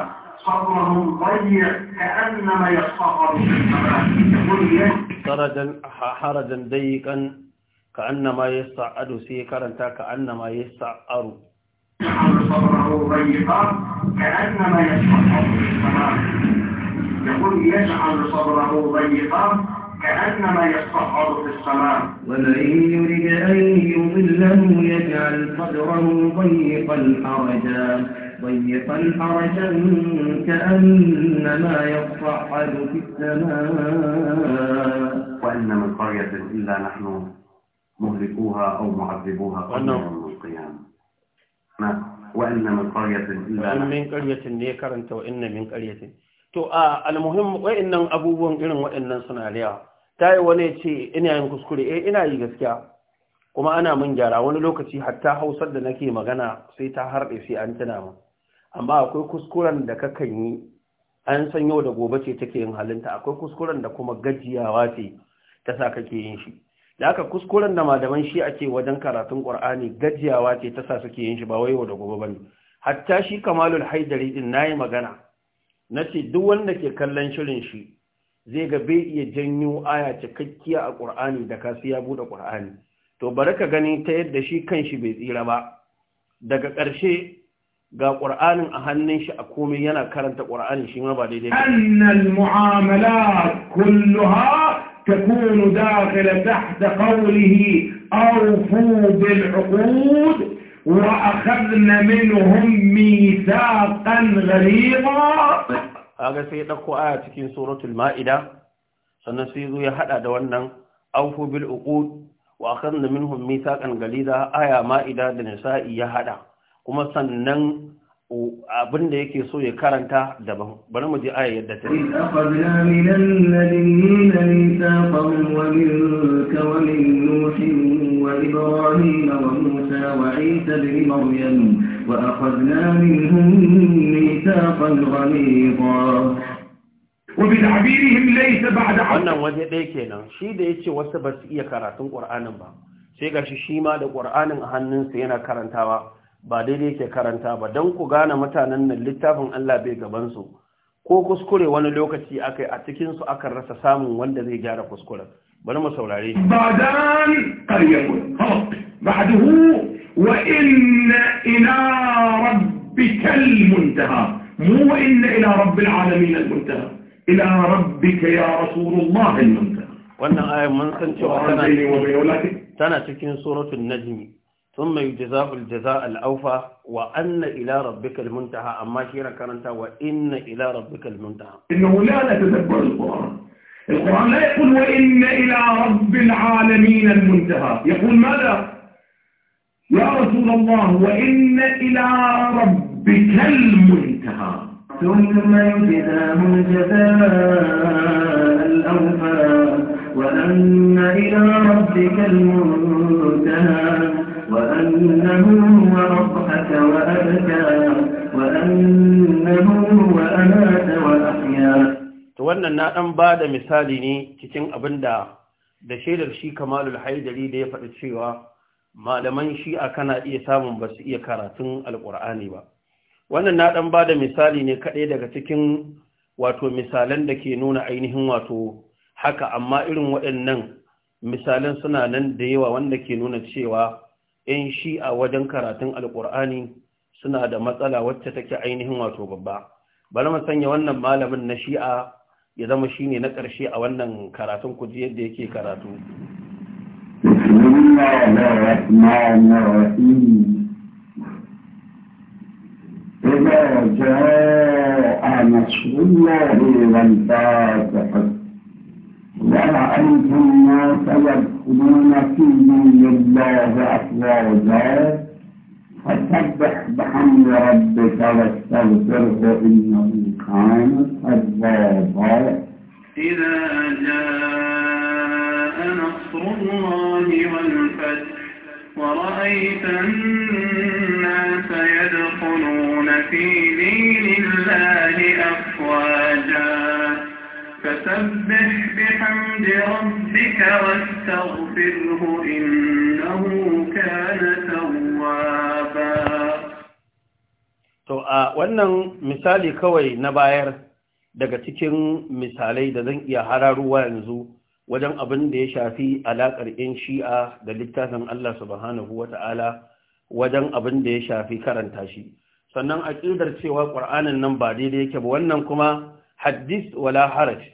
Speaker 2: صبرهم ضيق كأنما يصطفر
Speaker 1: درجا حرجا ضيقا كأنما يصعد سيكرا كأنما يصعر
Speaker 2: يجعل صدره ضيقا كأنما يشقق في السماء يقول يجعل صدره ضيقا كأنما
Speaker 3: يصعد في السماء ومن يرد أن يضله يجعل صدره ضيقا حرجا ضيقا حرجا
Speaker 2: كأنما يصعد في السماء
Speaker 1: وإن من قرية إلا نحن مهلكوها أو معذبوها قبل وإن من قرية karanta وإن من قرية to a almuhim wa'annan abubuwan irin wa'annan suna da ta yi wani ce ina yin kuskure eh ina yi gaskiya kuma ana min gyara wani lokaci hatta hausar da nake magana sai ta harɗe sai an tuna mu amma akwai kuskuren da kakan yi an san yau da gobe ce take yin halinta akwai kuskuren da kuma gajiyawa ce ta sa kake yin shi da aka kuskuren da malaman shi a wajen karatun ƙur'ani gajiyawa ce ta sa suke yin shi ba waiwa da gobe bane hatta shi kamalul haidari din na yi magana na ce duk wanda ke kallon shirin shi zai ga bai iya janyo aya cikakkiya a ƙur'ani da kasu ya buɗe ƙur'ani to bari ka gani ta yadda shi kan shi bai tsira ba daga ƙarshe ga ƙur'anin a hannun shi a komai yana karanta ƙwar'ani shi ma ba daidai ba.
Speaker 2: annal mu'amala kulluha تكون داخل تحت قوله أوفوا بالعقود وأخذنا منهم ميثاقا غليظا
Speaker 1: هذا القرآن آية في سورة المائدة سنسيذ يحدى دوانا أوفوا بالعقود وأخذنا منهم ميثاقا غليظا آية مائدة لنساء يحدى كما سنن abin da yake so ya karanta daban bari mu je aya yadda ta aqadna
Speaker 3: min alladhina mithaqan wa minka wa min nuhin wa ibrahim wa musa wa isa ibn maryam wa akhadna minhum mithaqan ghaliza
Speaker 1: وبتعبيرهم ليس بعد عبد wannan waje ɗaya nan, shi da yace wasu ba su iya karatun Qur'anin ba sai gashi shi ma da Qur'anin a hannunsa yana karantawa ba daidai ke karanta ba don ku gane mutanen nan littafin Allah bai gabansu ko kuskure wani lokaci akai a cikinsu akan rasa samun wanda zai gyara kuskuren bari mu saurare badan qaryatun
Speaker 2: ba'dahu wa inna ila rabbikal muntaha mu wa inna ila rabbil alamin al muntaha ila rabbika ya rasulullah al muntaha
Speaker 1: wannan ayar mun san cewa tana cikin suratul najmi ثم يجزاء الجزاء الأوفى وأن إلى ربك المنتهى أما شيرا كرنتا وإن إلى ربك المنتهى
Speaker 2: إنه لا نتدبر القرآن القرآن لا يقول وإن إلى رب العالمين المنتهى يقول ماذا يا رسول الله وإن إلى ربك المنتهى ثم يجزاه
Speaker 3: الجزاء الأوفى وأن إلى ربك المنتهى وأنه هو أضحك وأبكى وأنه هو أمات
Speaker 1: وأحيا wannan na ɗan ba da misali ne cikin abin da da shaidar shi kamalul haidari da ya faɗi cewa malaman shi'a kana iya samun ba su iya karatun alƙur'ani ba wannan na ɗan ba da misali ne kaɗai daga cikin wato misalan da ke nuna ainihin wato haka amma irin waɗannan misalan suna nan da yawa wanda ke nuna cewa in Shi'a wajen karatun alkur'ani suna da matsala wacce take ainihin wato babba bari mu sanya wannan malamin na shi'a ya zama shine na ƙarshe a wannan karatun ku ji yadda yake karatu
Speaker 2: إذا جاء نصر يدخلون في دين الله أفواجا فسبح بحمد ربك واستغفره إنه كان توابا
Speaker 3: إذا جاء
Speaker 4: نصر الله والفتح ورأيت الناس يدخلون في دين الله أفواجا فسبح بحمد ربك واستغفره إنه كان توابا
Speaker 1: To a wannan misali kawai na bayar daga cikin misalai da zan iya hararuwa yanzu wajen abin da ya shafi alaƙar 'yan shi'a da littafin Allah subhanahu wa ta'ala wajen abin da ya shafi karanta shi. Sannan aƙidar cewa ƙur'anin nan ba daidai yake ba wannan kuma hadis wala haraj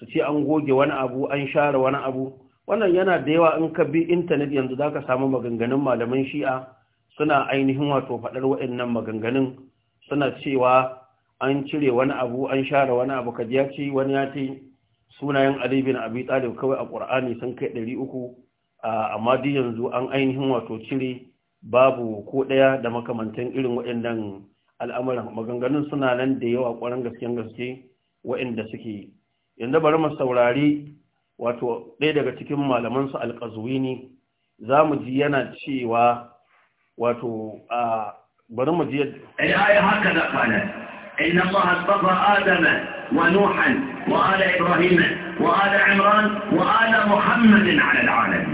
Speaker 1: su ce an goge wani abu an share wani abu wannan yana da yawa in ka bi intanet yanzu za ka samu maganganun malaman shi'a suna ainihin wato faɗar waɗannan maganganun suna cewa an cire wani abu an share wani abu ka ya ce wani ya ce sunayen Alibina abi talib kawai a ƙur'ani sun kai ɗari uku amma duk yanzu an ainihin wato cire babu ko ɗaya da makamantan irin waɗannan al'amuran maganganun suna nan da yawa ƙwarar gaskiyan gaske waɗanda suke yanzu bari mu saurari wato ɗaya daga cikin malaman su alƙazuwini za mu ji yana cewa wato a bari mu ji yadda haka da kwanan إن الله اصطفى آدم ونوحا وآل إبراهيم وآل عمران وآل محمد على العالمين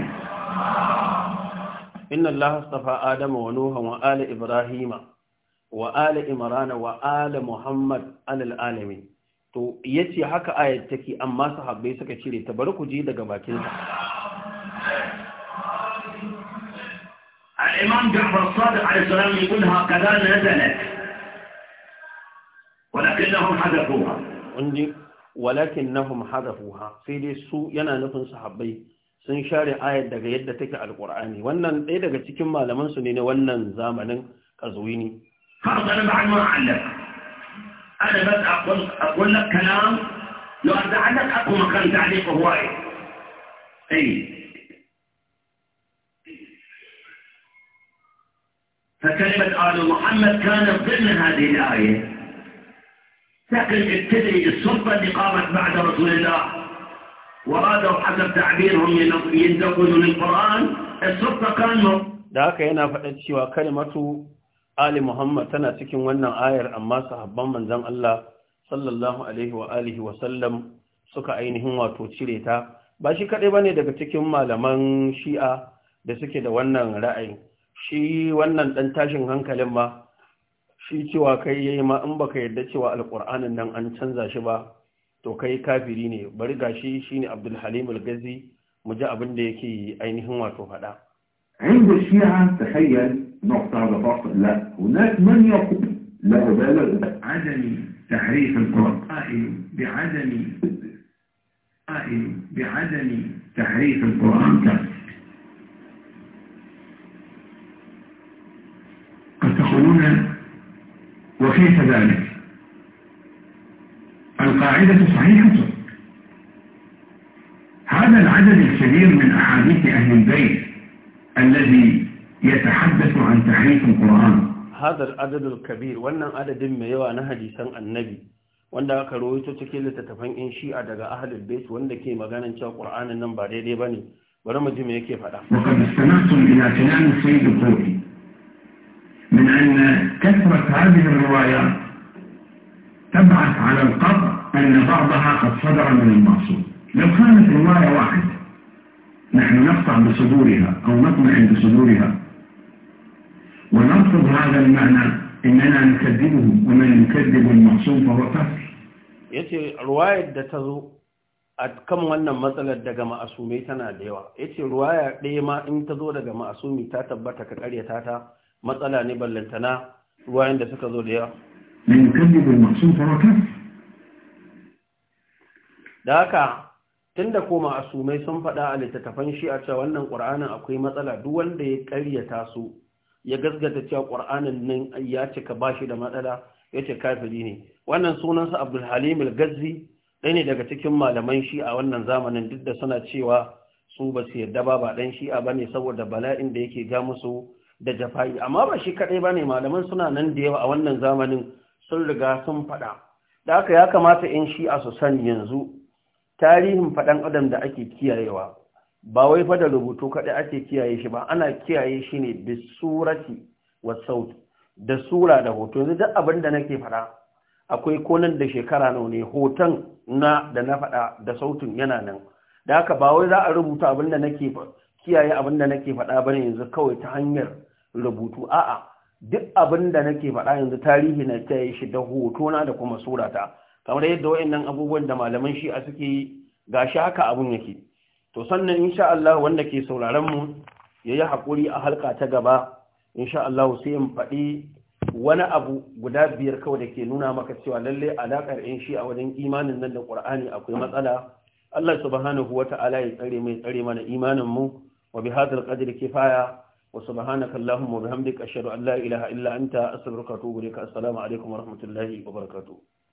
Speaker 1: إن الله اصطفى آدم ونوحا وآل إبراهيم وآل عمران وآل محمد على العالمين to yace haka ayat take amma sahabbai suka cire ta bari ku ji daga bakin sa
Speaker 2: الإمام جعفر الصادق عليه السلام يقول هكذا walakinahum hadafuha حذفوها
Speaker 1: walakinahum hadafuha sai dai su yana nufin sahabbai sun share ayat daga yadda take alqur'ani wannan ɗaya daga cikin malaman su ne na wannan zamanin kazuwini fa qala mu'allaf أنا بس أقول, أقول لك كلام لو أزعلك أكو مكان تعليق هواي أي فكلمة آل محمد كانت ضمن هذه الآية لكن تدري السلطة اللي قامت بعد رسول الله ورادوا حسب تعبيرهم ينتقلون القرآن السلطة كانوا لكن هنا فقد شوى كلمته ali muhammad tana cikin wannan ayar amma sahabban manzon Allah sallallahu alaihi wa alihi wa sallam suka ainihin wato cire ta ba shi kadai bane daga cikin malaman shi'a da suke da wannan ra'ayin. shi wannan ɗan tashin hankalin ba? shi cewa kai yayi ma in baka yarda cewa alqur'anin nan an canza shi ba to kai kafiri ne bari gashi shine abdul halim al-gazi mu ji abin da yake ainihin wato faɗa
Speaker 2: عند الشيعة تخيل نقطة على فقط لا هناك من يقول لا أبالغ عدم تحريف القرآن بعدم بعدم تحريف القرآن قد تقولون وكيف ذلك القاعدة صحيحة هذا العدد الكبير من أحاديث أهل البيت
Speaker 1: الذي يتحدث عن تحريف القرآن هذا العدد الكبير وأن عدد ما يوى نهدي سن النبي wanda aka rawaito cikin littattafan in shi'a daga ahlul bait wanda ke maganan cewa qur'anin nan ba daidai bane bari mu ji me yake وقد استمعتم الى كلام السيد الخوئي
Speaker 2: من ان كثره هذه الروايات تبعث على القطع ان بعضها قد صدر من المعصوم لو كانت روايه واحده نحن نقطع بصدورها أو نطمئن بصدورها ونرفض هذا المعنى إننا نكذبه ومن يكذب المعصوم فهو كافر
Speaker 1: yace ruwayar da ta zo a kan wannan matsalar daga ma'asumai tana da yawa yace ruwaya ɗaya ma in ta zo daga ma'asumi ta tabbata ka karyata ta matsala ne ballantana ruwayan da suka zo da yawa
Speaker 2: min kadibul ma'sum fa
Speaker 1: da haka Tun da koma a sumai sun faɗa a littattafan shi a cewa wannan ƙur'anin akwai matsala duk wanda ya ƙaryata su ya gasgata cewa ƙur'anin nan ya cika ba shi da matsala ya ce kafiri ne wannan sunansa abdul halim gazzi ɗaya ne daga cikin malaman shi a wannan zamanin duk da suna cewa su ba su yarda ba ba ɗan shi'a ba ne saboda bala'in da yake ga musu da jafa'i amma ba shi kaɗai ba ne malaman suna nan da yawa a wannan zamanin sun riga sun faɗa da haka ya kamata in shi'a su san yanzu tarihin faɗan adam da ake kiyayewa ba wai fa da rubutu kaɗai ake kiyaye shi ba ana kiyaye shi ne da surati wa saut da sura da hoto yanzu duk abin da nake faɗa akwai konan da shekara nau ne hoton na da na faɗa da sautin yana nan da haka ba wai za a rubuta abin da nake kiyaye abin da nake faɗa bane yanzu kawai ta hanyar rubutu a'a duk abin da nake faɗa yanzu tarihi na kiyaye shi da hoto na da kuma surata kamar yadda wayannan abubuwan da malaman shi'a suke ga shi haka abun yake to sannan insha Allah wanda ke sauraron mu yayi hakuri a halka ta gaba insha Allah sai in faɗi wani abu guda biyar kawai da ke nuna maka cewa lalle alaƙar yan shi'a wajen imanin nan da Qur'ani akwai matsala Allah subhanahu wata'ala ya tsare mai tsare mana imanin mu wa bi hadal qadri kifaya wa subhanaka allahumma wa bihamdika ashhadu an la ilaha illa anta astaghfiruka wa atubu ilaik assalamu alaikum wa rahmatullahi wa barakatuh